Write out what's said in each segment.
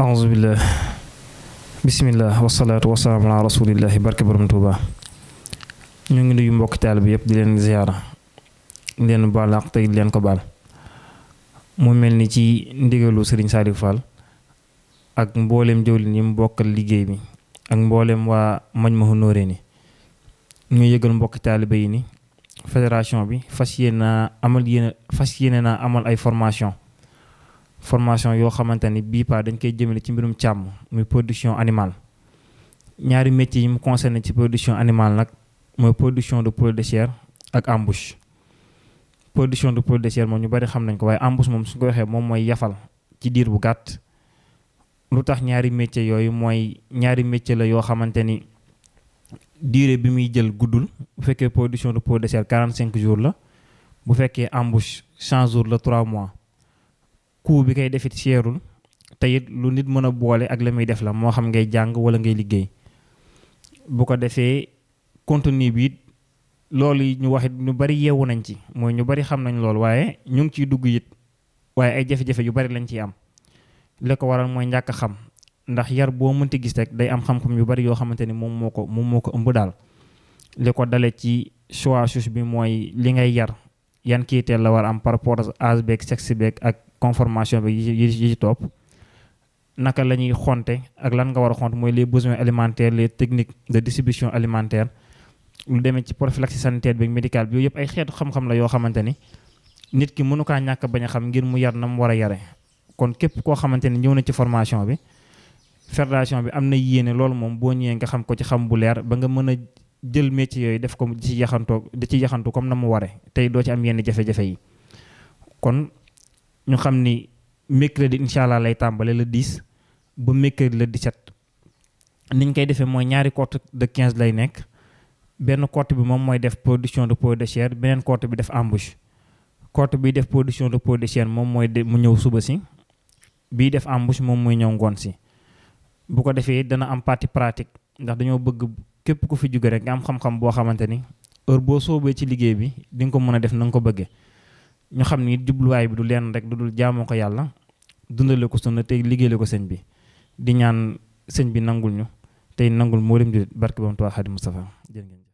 aousubillah bisimillah wasalaatu wasalaam ala rasulillahi barke borom tuuba ñu ngi nuyu mbokki taal bi yëpp di leen ziyaara di leen baal ak di leen ko baal mu mel ni ci ndigalu sëriñ Saliou Fall ak mbooleem jëwlin yi mu liggéey bi ak mbooleem waa Majmahun Nurayni ñu yëgal mbokki taalibe yi ni fédération bi fas yéene amal yéene fas yéene naa amal ay formation formation yoo xamante ni bii pa dañ koy jëmale ci mbirum càmm muy production animale ñaari métiers yi mu concerné ci production animale nag mooy production de poulet de chair ak embouche production de poulet de chair moom ñu bari xam nañ ko waaye embouche moom su ko waxee moom mooy yafal ci diir bu gàtt lu tax ñaari métiers yooyu mooy ñaari métiers la yoo xamante ni durée bi muy jël guddul bu fekkee production de poulet de chair cinq jours la bu fekkee embouche 100 jours la 3 mois. coût bi koy defit seerul te it lu nit mën a boole ak la muy def la moo xam ngay jàng wala ngay liggéey bu ko defee contenu bi it loolu ñu wax it ñu bari yeewu nañ ci mooy ñu bari xam nañ loolu waaye ñu ngi ciy dugg it waaye ay jafe-jafe yu bari lañ ciy am li ko waral mooy njàkk xam ndax yar boo mënti gis rek day am xam-xam yu bari yoo xamante ni moom moo ko moom moo ko ëmb daal li ko dale ci choix bi mooy li ngay yar yan kiiteel la war am par rapport âge ak conformation bi yi yi ci topp naka la ñuy xonte ak lan nga war a xont mooy les besoins alimentaire les techniques de distribution alimentaire lu demee ci prophylaxie sanitaire bi médical bi yooyu yëpp ay xeetu xam-xam la yoo xamante ni nit ki mënu kaa ñàkk bañ a xam ngir mu yar na mu war a yare kon képp koo xamante ni ñëw na ci formation bi fédération bi am na yéene loolu moom boo ñëwee nga xam ko ci xam bu leer ba nga mën a jël métier yooyu def ko di ci yaxantoo di ci yaxantu comme na mu ware tey doo ci am yenn jafe yi ñu xam ni mercredi incha allah lay tàmbale le 10 ba mercredi le 17 niñ koy defee mooy ñaari cote de quinze lay nekk benn cote bi moom mooy def production de peau de chair beneen cote bi def embouche cote bi def production de peau de chair moom mooy de mu ñëw suba si bii def embouche moom mooy ñëw ngoon si bu ko defee dana am partie pratique ndax dañoo bëgg képp ku fi jóge rek nga am xam-xam boo xamante ni heure boo soobee ci liggéey bi di nga ko mën a def na nga ko bëggee. ñu xam ni jubluwaay bi du leen rek du dul jaamoo ko yàlla dundale ko sunna tey liggéeyale ko sëñ bi di ñaan sëñ bi nangul ñu tey nangul moo leen jullit barke bam tuwaa Xaadimu Mustafaa jërë ngeen jëf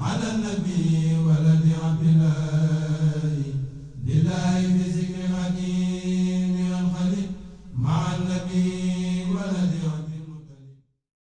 Ala nabi waladi Abdillah